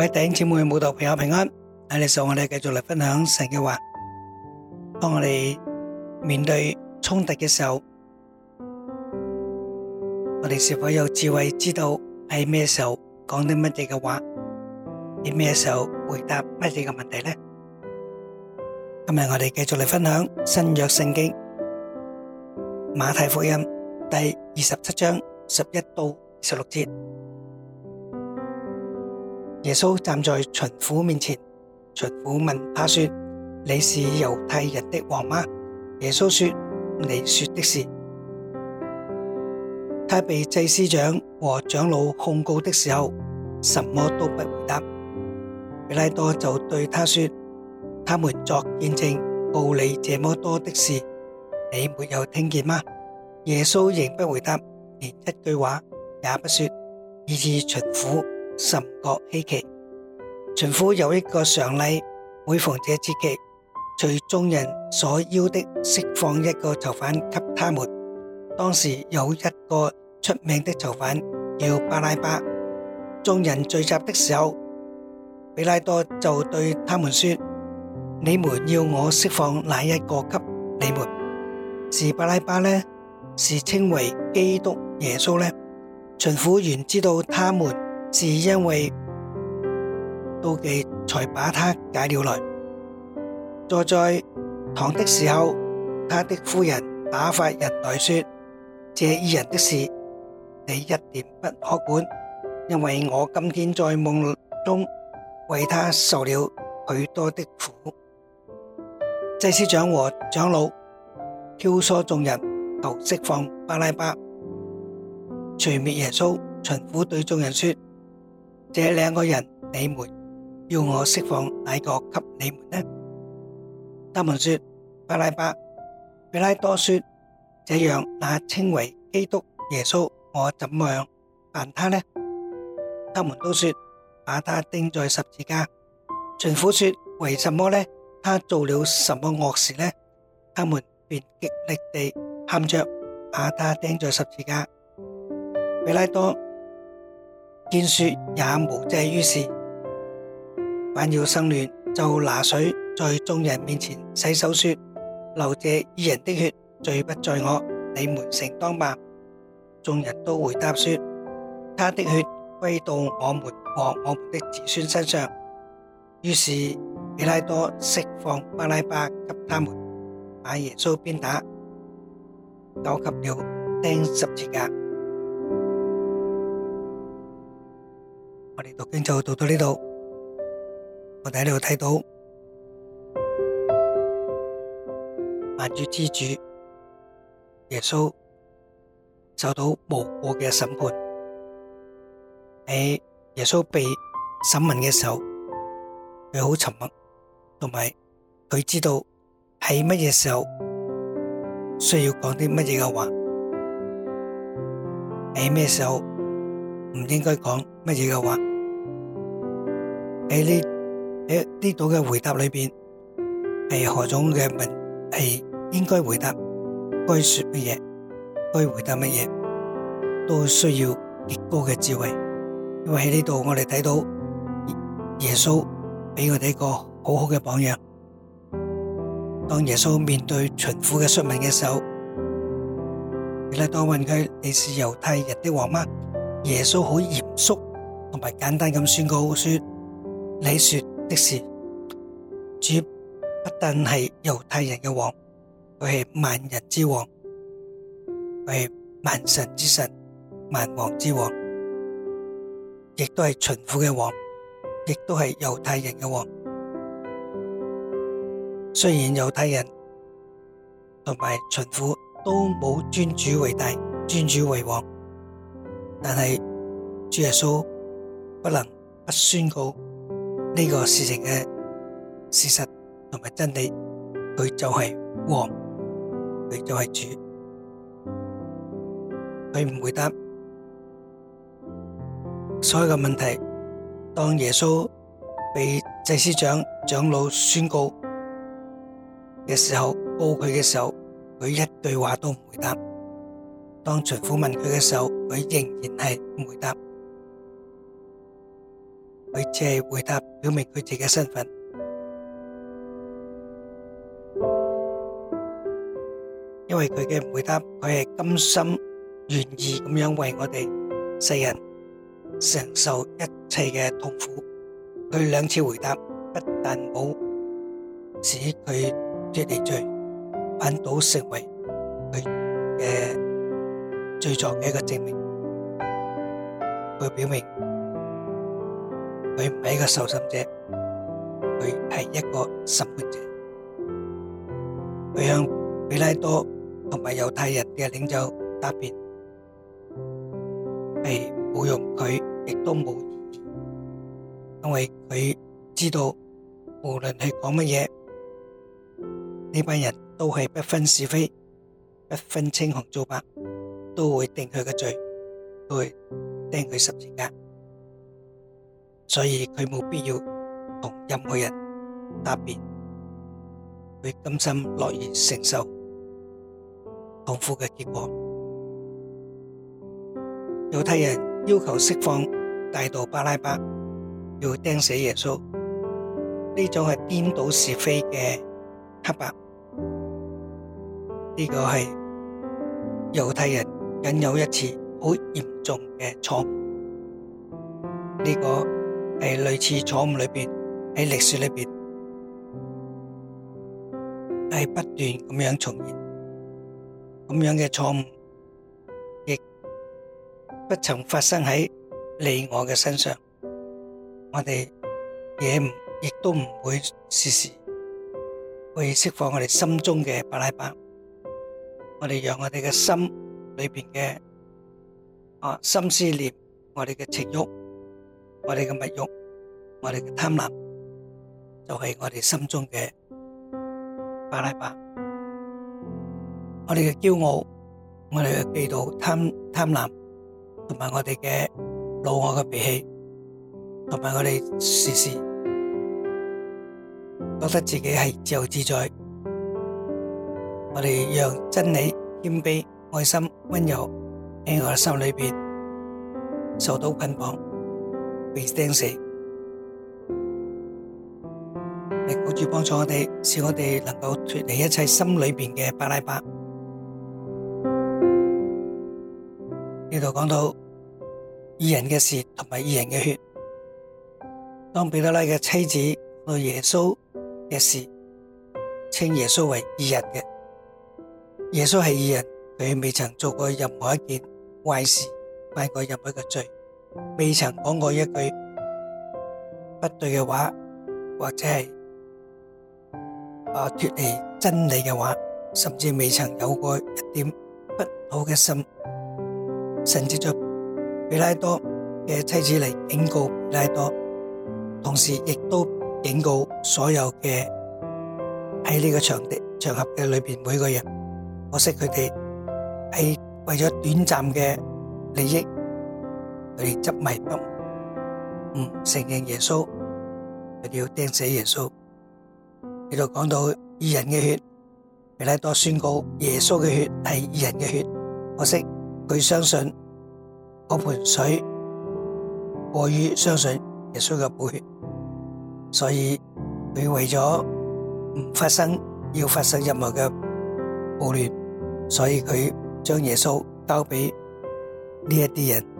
各位弟兄姊妹、信徒朋友平安，喺呢度我哋繼續嚟分享神嘅話，當我哋面對衝突嘅時候，我哋是否有智慧知道喺咩時候講啲乜嘢嘅話，喺咩時候回答乜嘢嘅問題呢？今日我哋繼續嚟分享新約聖經馬太福音第二十七章十一到十六節。耶穌站在巡撫面前，巡撫問他說：你是猶太人的王嗎？耶穌說：你說的是。他被祭司長和長老控告的時候，什麼都不回答。彼拉多就對他說：他們作見證告你這麼多的事，你沒有聽見嗎？耶穌仍不回答，連一句話也不說，以致巡撫。甚覺希奇。巡撫有一個常例，每逢這節期，隨眾人所要的釋放一個囚犯給他們。當時有一個出名的囚犯叫巴拉巴。眾人聚集的時候，彼拉多就對他們說：你們要我釋放哪一個給你們？是巴拉巴呢？是稱為基督耶穌呢？巡撫原知道他們。是因為妒忌，才把他解了來。坐在堂的時候，他的夫人打發人來說：這異人的事你一點不可管，因為我今天在夢中為他受了許多的苦。祭司長和長老挑唆眾人，就釋放巴拉巴，除滅耶穌。巡撫對眾人說。這兩個人，你們要我釋放哪個給你們呢？他們說：巴拉巴。比拉多說：這樣那稱為基督耶穌，我怎麼辦他呢？他們都說：把他釘在十字架。巡撫說：為什麼呢？他做了什麼惡事呢？他們便極力地喊着，把他釘在十字架。比拉多。見說也無濟於事，反要生亂，就拿水在眾人面前洗手，說：流這義人的血，罪不在我，你們承當吧。眾人都回答說：他的血歸到我們和我們的子孫身上。於是彼拉多釋放巴拉巴給他們，把耶穌鞭打，交給人釘十字架。我哋讀經就讀到呢度，我哋喺呢度睇到萬主之主耶穌受到無辜嘅審判。喺耶穌被審問嘅時候，佢好沉默，同埋佢知道喺乜嘢時候需要講啲乜嘢嘅話，喺咩時候唔應該講乜嘢嘅話。喺呢喺呢度嘅回答裏邊，係何種嘅問，係應該回答，該說乜嘢，該回答乜嘢，都需要極高嘅智慧。因為喺呢度我哋睇到耶穌俾我哋一個好好嘅榜樣。當耶穌面對巡撫嘅詢問嘅時候，你當問佢你是猶太人的王嗎？耶穌好嚴肅同埋簡單咁宣告說。你說的是，主不但係猶太人嘅王，佢係萬人之王，佢係萬神之神，萬王之王，亦都係秦婦嘅王，亦都係猶太人嘅王。雖然猶太人同埋秦婦都冇尊主為大，尊主為王，但係主耶穌不能不宣告。呢個事情嘅事實同埋真理，佢就係王，佢就係主，佢唔回答所有嘅問題。當耶穌被祭司長長老宣告嘅時候，告佢嘅時候，佢一句話都唔回答。當巡撫問佢嘅時候，佢仍然係唔回答。佢只係回答，表明佢自己身份。因為佢嘅回答，佢係甘心願意咁樣為我哋世人承受一切嘅痛苦。佢兩次回答，不但冇使佢脫離罪，反倒成為佢嘅罪狀嘅一個證明。佢表明。佢唔係一個受審者，佢係一個審判者。佢向比拉多同埋猶太人嘅領袖答辯，係冇用，佢亦都冇意義，因為佢知道，無論佢講乜嘢，呢班人都係不分是非，不分青紅皂白，都會定佢嘅罪，都會釘佢十字架。所以佢冇必要同任何人答辯，佢甘心樂意承受痛苦嘅結果。猶太人要求釋放大盜巴拉巴，要釘死耶穌，呢種係顛倒是非嘅黑白。呢個係猶太人僅有一次好嚴重嘅錯誤。呢個。係類似錯誤裏邊喺歷史裏邊係不斷咁樣重現，咁樣嘅錯誤亦不曾發生喺你我嘅身上，我哋也唔亦都唔會時時去釋放我哋心中嘅巴拉巴，我哋讓我哋嘅心裏邊嘅啊心思念，我哋嘅情欲。我哋嘅物欲，我哋嘅貪婪，就係我哋心中嘅巴拉巴；我哋嘅驕傲，我哋嘅嫉妒、貪貪婪，同埋我哋嘅怒惡嘅脾氣，同埋我哋時時覺得自己係自由自在。我哋讓真理、謙卑、愛心、溫柔喺我嘅心裏邊受到捆綁。被釘死，嚟幫助幫助我哋，使我哋能夠脫離一切心裏面嘅巴拉巴。呢度講到義人嘅事，同埋義人嘅血。當彼拉多嘅妻子講到耶穌嘅事，稱耶穌為義人嘅。耶穌係義人，佢未曾做過任何一件壞事，犯過任何一個罪。未曾講過一句不對嘅話，或者係啊脫離真理嘅話，甚至未曾有過一點不好嘅心，甚至在彼拉多嘅妻子嚟警告彼拉多，同時亦都警告所有嘅喺呢個場地場合嘅裏邊每個人，可惜佢哋係為咗短暫嘅利益。佢哋執迷不悟，唔承認耶穌，佢哋要釘死耶穌。佢就講到義人嘅血，彼拉多宣告耶穌嘅血係義人嘅血。可惜佢相信嗰盆水，過於相信耶穌嘅寶血，所以佢為咗唔發生要發生任何嘅暴亂，所以佢將耶穌交俾呢一啲人。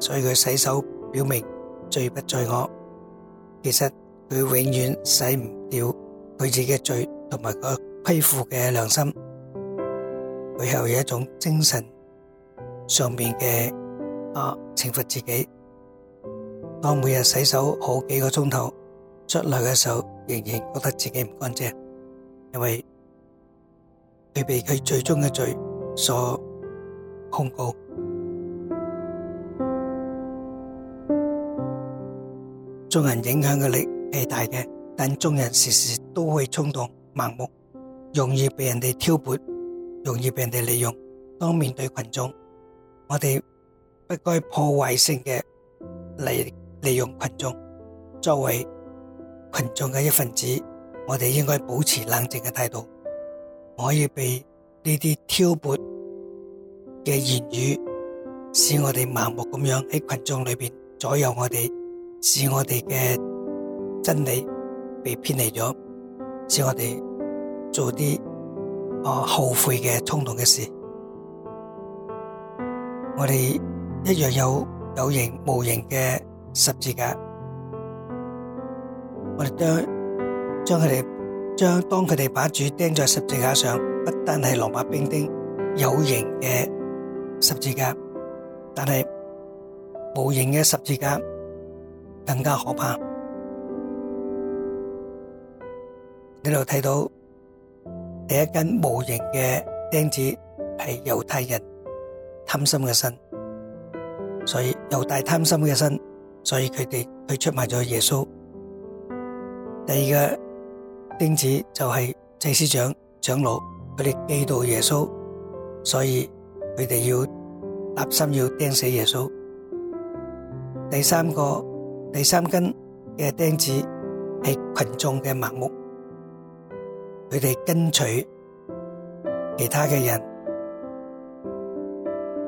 所以佢洗手，表明罪不在我。其實佢永遠洗唔掉佢自己嘅罪，同埋佢虧負嘅良心。佢係有一種精神上面嘅啊懲罰自己。當每日洗手好幾個鐘頭，出嚟嘅時候，仍然覺得自己唔乾淨，因為佢被佢最終嘅罪所控告。眾人影響嘅力係大嘅，但眾人時時都會衝動、盲目，容易俾人哋挑撥，容易俾人哋利用。當面對群眾，我哋不該破壞性嘅嚟利用群眾。作為群眾嘅一份子，我哋應該保持冷靜嘅態度，唔可以俾呢啲挑撥嘅言語，使我哋盲目咁樣喺群眾裏邊左右我哋。是我哋嘅真理被偏離咗，使我哋做啲啊、哦、後悔嘅衝動嘅事。我哋一樣有有形無形嘅十字架，我哋將將佢哋將當佢哋把主釘在十字架上，不單係羅馬兵丁有形嘅十字架，但係無形嘅十字架。更加可怕。你度睇到第一根無形嘅釘子係猶太人貪心嘅心，所以猶大貪心嘅心，所以佢哋去出賣咗耶穌。第二個釘子就係祭司長、長老佢哋嫉妒耶穌，所以佢哋要立心要釘死耶穌。第三個。第三根嘅釘子係群眾嘅盲目，佢哋跟隨其他嘅人，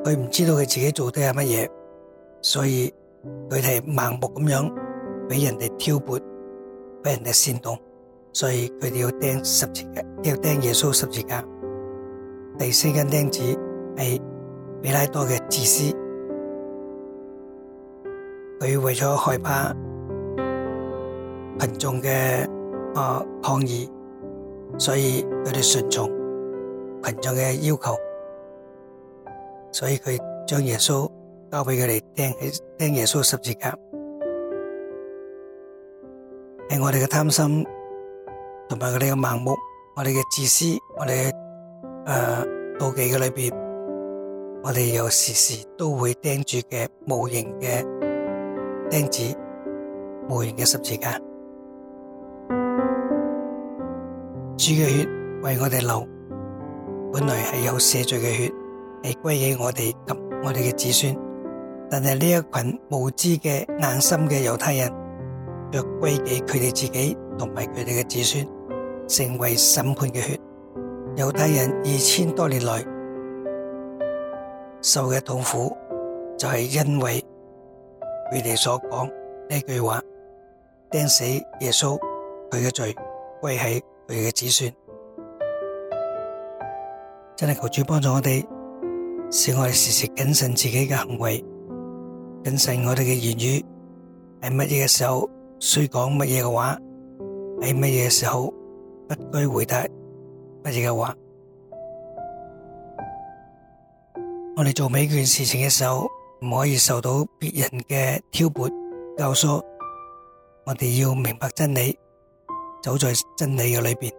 佢唔知道佢自己做嘅係乜嘢，所以佢哋盲目咁樣俾人哋挑撥，俾人哋煽動，所以佢哋要釘十字架，要釘耶穌十字架。第四根釘子係比拉多嘅自私。佢為咗害怕群眾嘅啊抗議，所以佢哋順從群眾嘅要求，所以佢將耶穌交俾佢哋釘喺釘耶穌十字架。係我哋嘅貪心，同埋我哋嘅盲目，我哋嘅自私，我哋嘅誒妒忌嘅裏邊，我哋又時時都會釘住嘅無形嘅。釘子，無形嘅十字架，主嘅血為我哋流，本來係有赦罪嘅血，係歸給我哋及我哋嘅子孫，但係呢一群無知嘅硬心嘅猶太人，卻歸給佢哋自己同埋佢哋嘅子孫，成為審判嘅血。猶太人二千多年來受嘅痛苦，就係因為。佢哋所講呢句話，釘死耶穌，佢嘅罪歸喺佢嘅子孫，真係求主幫助我哋，使我哋時時謹慎自己嘅行為，謹慎我哋嘅言語，喺乜嘢嘅時候需講乜嘢嘅話，喺乜嘢嘅時候不該回答乜嘢嘅話，我哋做每件事情嘅時候，唔可以受到別人嘅挑撥教唆，我哋要明白真理，走在真理嘅裏邊，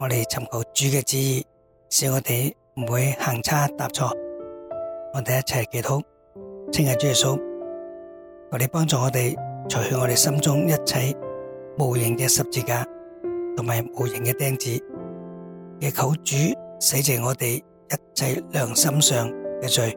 我哋尋求主嘅旨意，使我哋唔會行差踏錯。我哋一齊祈禱，清日主耶穌，我哋幫助我哋除去我哋心中一切無形嘅十字架同埋無形嘅釘子，祈求主洗淨我哋一切良心上嘅罪。